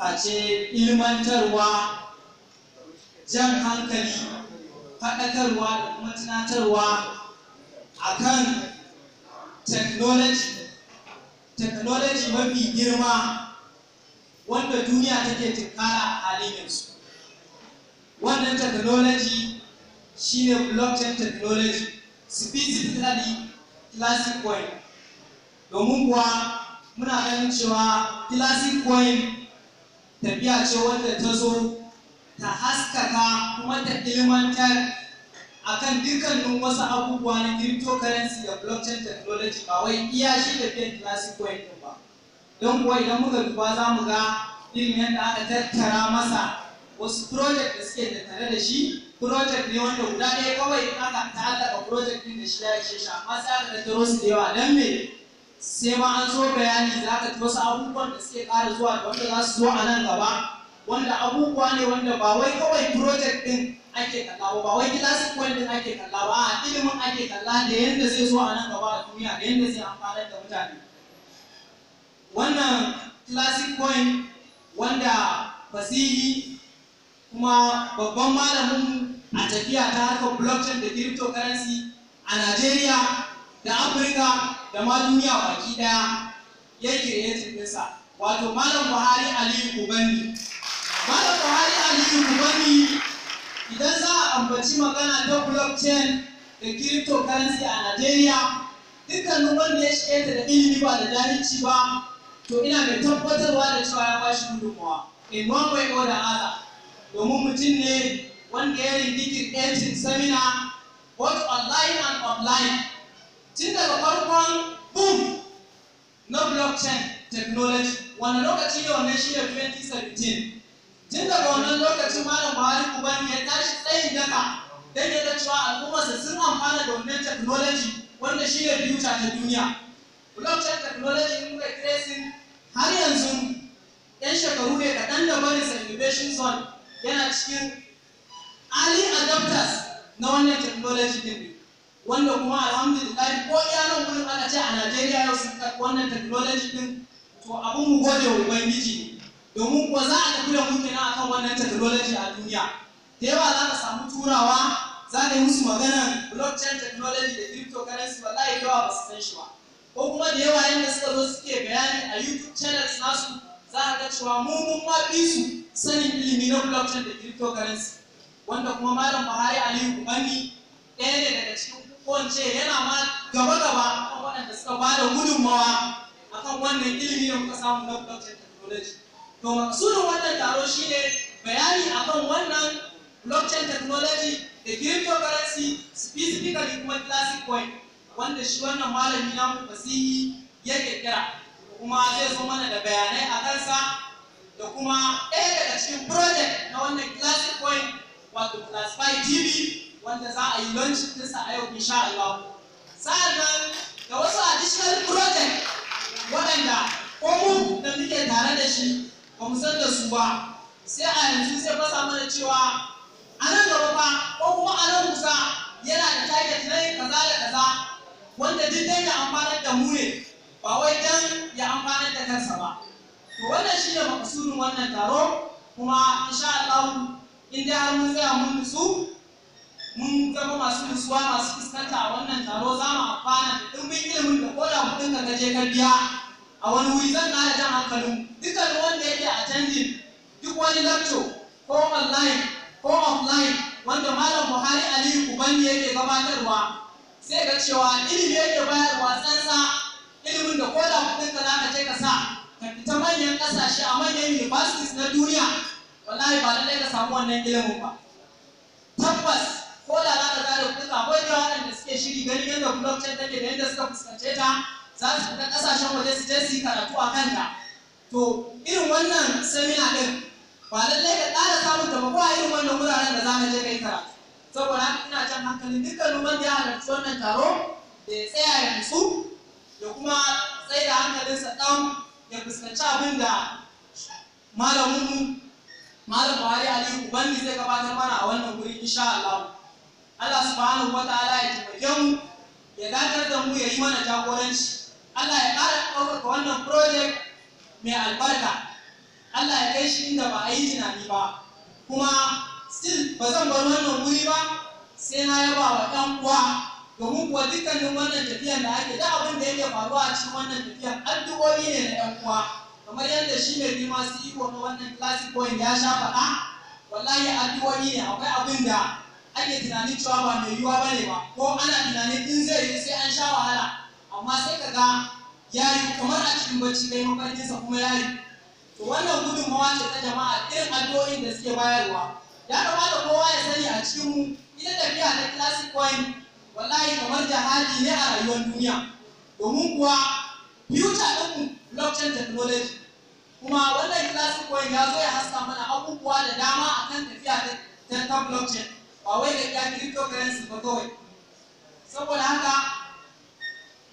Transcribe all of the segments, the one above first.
face ilmantarwa jan hankali faɗakarwa da kuma tunatarwa a kan technology mafi girma wanda duniya take tunkara a halin yanzu wannan technology shine blockchain technology specifically classic coin domin kuwa muna ganin cewa classic coin tafiya ce wanda ta zo ta haskaka kuma ta ilmantar akan dukkanin wasu abubuwa na cryptocurrency da blockchain technology ba wai iya shi da tafiyan classic coin ba don kuwa idan muka duba za mu ga irin yadda aka tattara masa wasu project da suke tattare da shi project ne wanda guda ɗaya kawai aka ta'allaka project ɗin da shi ya ishe shi amma sai aka tattaro su da yawa don me sai ma an zo bayani za ka wasu abubuwan da suke ƙara zuwa wanda za su zo a nan gaba wanda abubuwa ne wanda ba wai kawai project din ake kalla ba ba wai classic point din ake kalla ba a ilimin ake kalla da yanda zai zo a nan gaba a duniya da yanda zai amfanar da mutane wannan classic point wanda fasihi kuma babban malamin a tafiya ta harkar blockchain da cryptocurrency a Najeriya da afirka da ma duniya baki daya ya kiretin ɗinsa wato malam buhari aliyu kubani malam buhari aliyu kubani idan za a ambaci magana ta blockchain da cryptocurrency a nigeria dukkanin wanda ya shiga ta da ilimi ba da jahilci ba to ina mai tabbatarwa da cewa ya bashi gudunmawa in one way or the other domin mutum ne wanda ya rindikin ancient seminar both online and online tun daga farkon boom na blockchain technology wani lokaci da wannan shi da 2017 tun daga wannan lokacin malam buhari kubani ya tashi tsayi daga don ya ta cewa su sun amfana da wannan technology wanda shi ne future ta duniya blockchain technology in kai tracing har yanzu yan shekaru ne kaɗan da bari sa innovation zone yana cikin early adopters na wannan technology din wanda kuma alhamdulillah ko iya nan gurin ana ce a Najeriya yau sun wannan technology din to abin mu gode wa ubangiji domin kuwa za a tafi da mu a akan wannan technology a duniya da yawa za ka samu turawa za ka yi musu maganar blockchain technology da cryptocurrency ba za a yi yawa ba su san shi ba ko kuma da yawa yadda suka zo suke bayani a youtube channels nasu za ka cewa mu mun ma fi su sanin ilimi na blockchain da cryptocurrency wanda kuma malam Buhari Aliyu Ubani ɗaya ne daga cikin ko in ce yana ma gaba gaba kan waɗanda suka ba da gudunmawa akan wannan ilimi da muka samu na blockchain technology to maksudin wannan taro shine bayani akan wannan blockchain technology da cryptocurrency specifically kuma classic coin wanda shi wannan malami namu fasihi ya kirkira kuma zai zo mana da bayanai a kansa da kuma ɗaya daga cikin project na wannan classic coin wato classify tv wanda za a yi launch ɗinsa a yau insha Allah sa'annan da wasu additional project waɗanda ko mu da muke tare da shi ba mu san da su ba sai a yanzu sai fasa mana cewa a nan gaba ba ko kuma a nan kusa yana da target na yin kaza da kaza wanda duk dai ya amfanar da mu ne ba wai dan ya amfana da kansa ba to wannan shi shine makasudin wannan taro kuma insha Allah in dai har mun tsaya mun nutsu mun zama masu nutsuwa masu fuskanta a wannan taro za mu amfana da ɗumbin ilimin da da kuɗin ka je ka biya a wani wuri zan ƙara jan hankalin dukkan wanda yake canjin duk wani lakto ko online ko offline wanda malam Buhari Aliyu Kubanni yake gabatarwa sai ga cewa ilimi yake bayarwa tsantsa ilimin da koda kuɗin ka za ka je ka sa ka fita manyan ƙasashe a manyan universities na duniya wallahi ba lallai ka samu wannan ilimin ba tabbas da za ka zare kuɗin akwai da waɗanda suke shiri ganin yadda blockchain take da yadda suka fuskance ta za su fita ƙasashen waje su je su yi karatu a kanta to irin wannan semina ɗin ba lallai ka ƙara samun ta ko a irin wannan wuraren da za ka je kai karatu saboda haka ina jan hankalin dukkanin wanda ya halarci wannan taro da ya tsaya ya nutsu da kuma tsaye da hankalinsa ɗan ya fuskanci abin da mu malam Buhari Aliyu Ubangi zai gabatar mana a wannan wuri insha Allah. Allah subhanahu wa ta'ala ya taimake mu ya datar da mu ya yi mana jagoranci Allah ya ƙara ɗaukaka wannan project mai albarka Allah ya kai shi inda ba a yi tunani ba kuma still ba zan bar wannan wuri ba sai na yaba wa ɗan uwa domin kuwa dukkanin wannan tafiyar da ake da abin da yake faruwa a cikin wannan tafiyar. addu'o'i ne na ɗan uwa kamar yadda shi mai masu iko e na wannan classic point ya sha faɗa wallahi addu'o'i ne akwai abin da ake tunanin cewa ba mai yiwuwa ba ne ba ko ana tunanin in zai yi sai an sha wahala amma sai ka ga yi kamar a cikin bacci kai mafarkinsa kuma ya yi. to wannan gudunmawa ce ta jama'a irin addu'o'in da suke bayarwa ya kamata kowa ya sani a cikin mu ita tafiya ta classic coin wallahi kamar jahaji ne a rayuwar duniya domin kuwa future ɗin blockchain technology kuma wannan classic coin ya zo ya haska mana abubuwa da dama akan tafiya ta blockchain ba wai da iya cryptocurrency ba kawai saboda haka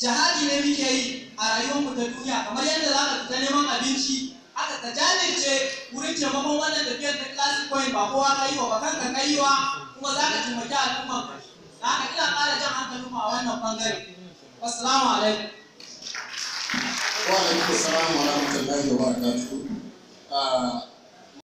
jihadi ne muke yi a rayuwarmu ta duniya kamar yadda za ka fita neman abinci aka ta jajirce wurin taimakon wannan tafiyar ta classic coin ba kowa ka yi wa ba kanka ka yi wa kuma za ka taimaki al'umman ka da haka ina ƙara jan hankali mu a wannan ɓangare assalamu alaikum wa alaikum assalam wa rahmatullahi wa barakatuhu ah,